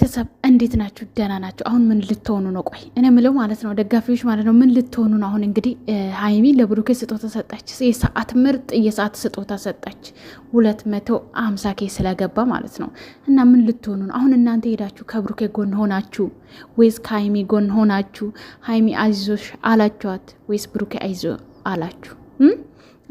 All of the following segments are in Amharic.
ቤተሰብ እንዴት ናችሁ? ደህና ናቸው። አሁን ምን ልትሆኑ ነው? ቆይ እኔ ምለው ማለት ነው ደጋፊዎች ማለት ነው ምን ልትሆኑ ነው? አሁን እንግዲህ ሀይሚ ለብሩኬ ስጦታ ሰጣች። የሰዓት ምርጥ የሰዓት ስጦታ ሰጣች። ሁለት መቶ አምሳ ኬ ስለገባ ማለት ነው። እና ምን ልትሆኑ ነው አሁን እናንተ ሄዳችሁ ከብሩኬ ጎን ሆናችሁ ወይስ ከሀይሚ ጎን ሆናችሁ? ሀይሚ አይዞሽ አላችኋት ወይስ ብሩኬ አይዞ አላችሁ?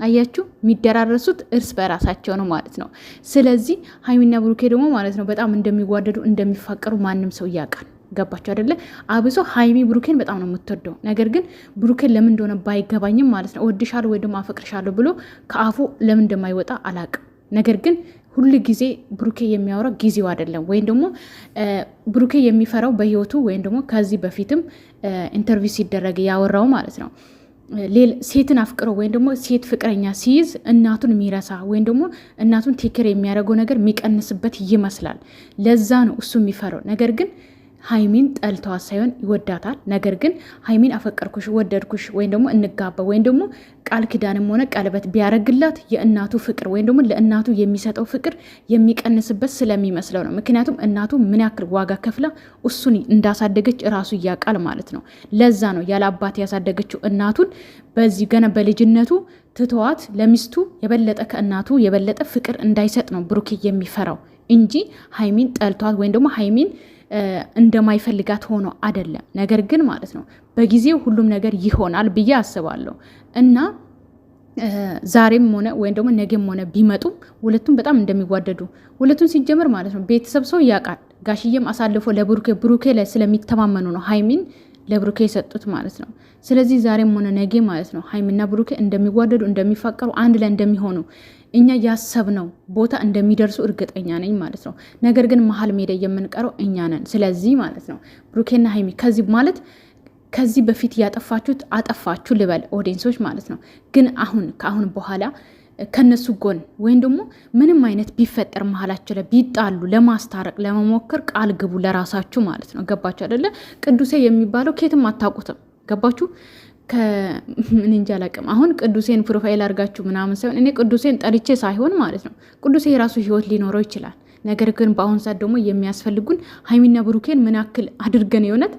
አያችሁ የሚደራረሱት እርስ በራሳቸው ነው ማለት ነው። ስለዚህ ሀይሚና ብሩኬ ደግሞ ማለት ነው በጣም እንደሚዋደዱ እንደሚፋቀሩ ማንም ሰው ያውቃል። ገባቸው አይደለ? አብሶ ሀይሚ ብሩኬን በጣም ነው የምትወደው። ነገር ግን ብሩኬን ለምን እንደሆነ ባይገባኝም ማለት ነው እወድሻለሁ ወይ ደግሞ አፈቅርሻለሁ ብሎ ከአፉ ለምን እንደማይወጣ አላውቅም። ነገር ግን ሁሉ ጊዜ ብሩኬ የሚያወራው ጊዜው አይደለም፣ ወይም ደግሞ ብሩኬ የሚፈራው በህይወቱ ወይም ደግሞ ከዚህ በፊትም ኢንተርቪው ሲደረግ ያወራው ማለት ነው ሴትን አፍቅሮ ወይም ደግሞ ሴት ፍቅረኛ ሲይዝ እናቱን የሚረሳ ወይም ደግሞ እናቱን ቴክር የሚያደርገው ነገር የሚቀንስበት ይመስላል። ለዛ ነው እሱ የሚፈረው ነገር ግን ሀይሚን ጠልተዋት ሳይሆን ይወዳታል። ነገር ግን ሀይሚን አፈቀርኩሽ፣ ወደድኩሽ ወይም ደግሞ እንጋባ ወይም ደግሞ ቃል ኪዳንም ሆነ ቀለበት ቢያደርግላት የእናቱ ፍቅር ወይም ደግሞ ለእናቱ የሚሰጠው ፍቅር የሚቀንስበት ስለሚመስለው ነው። ምክንያቱም እናቱ ምን ያክል ዋጋ ከፍላ እሱን እንዳሳደገች እራሱ እያቃል ማለት ነው። ለዛ ነው ያለ አባት ያሳደገችው እናቱን በዚህ ገና በልጅነቱ ትተዋት ለሚስቱ የበለጠ ከእናቱ የበለጠ ፍቅር እንዳይሰጥ ነው ብሩኬ የሚፈራው እንጂ ሀይሚን ጠልተዋት ወይም ደግሞ ሀይሚን እንደማይፈልጋት ሆኖ አይደለም። ነገር ግን ማለት ነው በጊዜው ሁሉም ነገር ይሆናል ብዬ አስባለሁ እና ዛሬም ሆነ ወይም ደግሞ ነገም ሆነ ቢመጡም ሁለቱም በጣም እንደሚዋደዱ ሁለቱም ሲጀመር ማለት ነው ቤተሰብ ሰው ያውቃል። ጋሽዬም አሳልፎ ለብሩኬ ብሩኬ ላይ ስለሚተማመኑ ነው ሀይሚን ለብሩኬ የሰጡት ማለት ነው። ስለዚህ ዛሬም ሆነ ነጌ ማለት ነው ሀይሚና ብሩኬ እንደሚዋደዱ እንደሚፋቀሩ፣ አንድ ላይ እንደሚሆኑ እኛ ያሰብነው ቦታ እንደሚደርሱ እርግጠኛ ነኝ ማለት ነው። ነገር ግን መሀል ሜዳ የምንቀረው እኛ ነን። ስለዚህ ማለት ነው ብሩኬና ሀይሚ ከዚህ ማለት ከዚህ በፊት ያጠፋችሁት አጠፋችሁ ልበል ኦዲንሶች ማለት ነው። ግን አሁን ከአሁን በኋላ ከነሱ ጎን ወይም ደግሞ ምንም አይነት ቢፈጠር መሀላቸው ላይ ቢጣሉ ለማስታረቅ ለመሞከር ቃል ግቡ ለራሳችሁ ማለት ነው። ገባችሁ አይደለ? ቅዱሴ የሚባለው ኬትም አታውቁትም። ገባችሁ? ከምን እንጃ አላውቅም። አሁን ቅዱሴን ፕሮፋይል አድርጋችሁ ምናምን ሳይሆን እኔ ቅዱሴን ጠርቼ ሳይሆን ማለት ነው ቅዱሴ የራሱ ህይወት ሊኖረው ይችላል። ነገር ግን በአሁን ሰዓት ደግሞ የሚያስፈልጉን ሀይሚና ብሩኬን ምን ያክል አድርገን የእውነት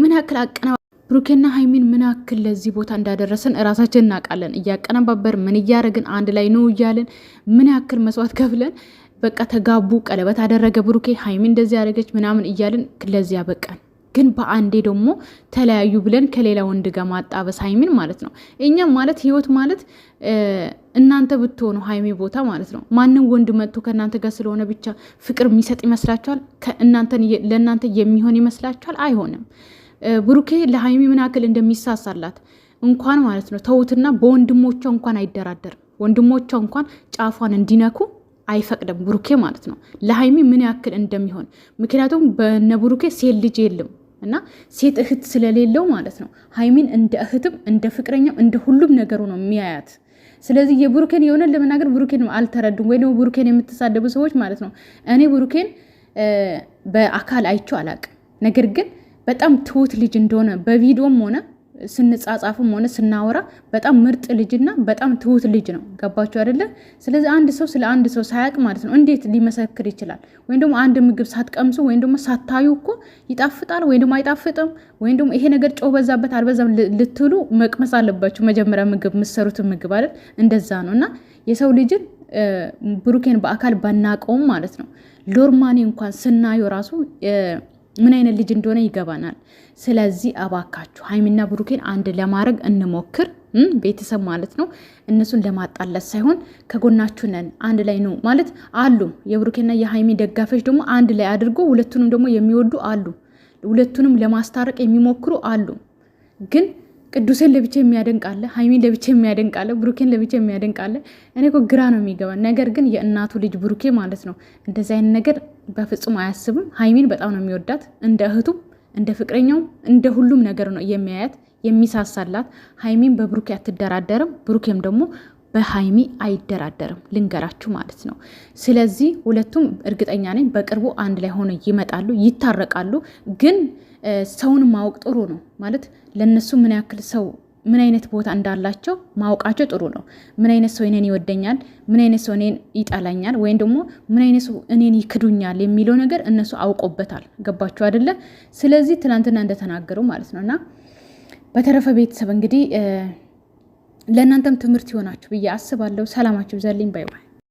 ምን ያክል አቀና ብሩኬና ሀይሚን ምን ያክል ለዚህ ቦታ እንዳደረሰን እራሳችን እናውቃለን። እያቀነባበር ምን እያደረግን አንድ ላይ ነው እያለን ምን ያክል መስዋዕት ከፍለን በቃ ተጋቡ፣ ቀለበት አደረገ ብሩኬ፣ ሀይሚን እንደዚህ ያደረገች ምናምን እያለን ለዚህ ያበቃን። ግን በአንዴ ደግሞ ተለያዩ ብለን ከሌላ ወንድ ጋር ማጣበስ ሀይሚን ማለት ነው። እኛም ማለት ህይወት ማለት እናንተ ብትሆኑ ሀይሚ ቦታ ማለት ነው። ማንም ወንድ መጥቶ ከእናንተ ጋር ስለሆነ ብቻ ፍቅር የሚሰጥ ይመስላችኋል? ለእናንተ የሚሆን ይመስላችኋል? አይሆንም። ብሩኬ ለሀይሚ ምን ያክል እንደሚሳሳላት እንኳን ማለት ነው ተውትና፣ በወንድሞቿ እንኳን አይደራደርም። ወንድሞቿ እንኳን ጫፏን እንዲነኩ አይፈቅድም ብሩኬ ማለት ነው ለሀይሚ ምን ያክል እንደሚሆን። ምክንያቱም በነ ብሩኬ ሴት ልጅ የለም እና ሴት እህት ስለሌለው ማለት ነው ሀይሚን እንደ እህትም እንደ ፍቅረኛም እንደ ሁሉም ነገሩ ነው የሚያያት። ስለዚህ የብሩኬን የሆነ ለመናገር ብሩኬን አልተረዱም፣ ወይ ደግሞ ብሩኬን የምትሳደቡ ሰዎች ማለት ነው እኔ ብሩኬን በአካል አይቼው አላቅም ነገር ግን በጣም ትሁት ልጅ እንደሆነ በቪዲዮም ሆነ ስንጻጻፍም ሆነ ስናወራ በጣም ምርጥ ልጅና በጣም ትሁት ልጅ ነው። ገባችሁ አይደለ? ስለዚህ አንድ ሰው ስለ አንድ ሰው ሳያውቅ ማለት ነው እንዴት ሊመሰክር ይችላል? ወይም ደግሞ አንድ ምግብ ሳትቀምሱ ወይም ደግሞ ሳታዩ እኮ ይጣፍጣል ወይም ደግሞ አይጣፍጥም ወይም ደግሞ ይሄ ነገር ጨው በዛበት አልበዛም ልትሉ መቅመስ አለባችሁ መጀመሪያ ምግብ የምትሰሩትን ምግብ አይደል? እንደዛ ነው እና የሰው ልጅን ብሩኬን በአካል ባናቀውም ማለት ነው ሎርማኒ እንኳን ስናየው ራሱ ምን አይነት ልጅ እንደሆነ ይገባናል። ስለዚህ እባካችሁ ሀይሚና ብሩኬን አንድ ለማድረግ እንሞክር። ቤተሰብ ማለት ነው። እነሱን ለማጣላት ሳይሆን ከጎናችሁ ነን፣ አንድ ላይ ነው ማለት አሉ። የብሩኬና የሀይሚ ደጋፊዎች ደግሞ አንድ ላይ አድርጎ ሁለቱንም ደግሞ የሚወዱ አሉ። ሁለቱንም ለማስታረቅ የሚሞክሩ አሉ ግን ቅዱሴን ለብቻ የሚያደንቃለ፣ ሀይሚን ለብቻ የሚያደንቃለ፣ ብሩኬን ለብቻ የሚያደንቃለ። እኔ ግራ ነው የሚገባ ነገር ግን የእናቱ ልጅ ብሩኬ ማለት ነው እንደዚህ አይነት ነገር በፍጹም አያስብም። ሀይሚን በጣም ነው የሚወዳት እንደ እህቱም እንደ ፍቅረኛውም እንደ ሁሉም ነገር ነው የሚያያት የሚሳሳላት። ሀይሚን በብሩኬ አትደራደርም፣ ብሩኬም ደግሞ በሀይሚ አይደራደርም፣ ልንገራችሁ ማለት ነው። ስለዚህ ሁለቱም እርግጠኛ ነኝ በቅርቡ አንድ ላይ ሆነ ይመጣሉ፣ ይታረቃሉ። ግን ሰውን ማወቅ ጥሩ ነው ማለት ለእነሱ ምን ያክል ሰው ምን አይነት ቦታ እንዳላቸው ማወቃቸው ጥሩ ነው። ምን አይነት ሰው እኔን ይወደኛል፣ ምን አይነት ሰው እኔን ይጠላኛል፣ ወይም ደግሞ ምን አይነት ሰው እኔን ይክዱኛል የሚለው ነገር እነሱ አውቆበታል። ገባችሁ አይደለ? ስለዚህ ትናንትና እንደተናገሩ ማለት ነው እና በተረፈ ቤተሰብ እንግዲህ ለእናንተም ትምህርት ይሆናችሁ ብዬ አስባለሁ። ሰላማችሁ ይብዛልኝ። ባይ ባይ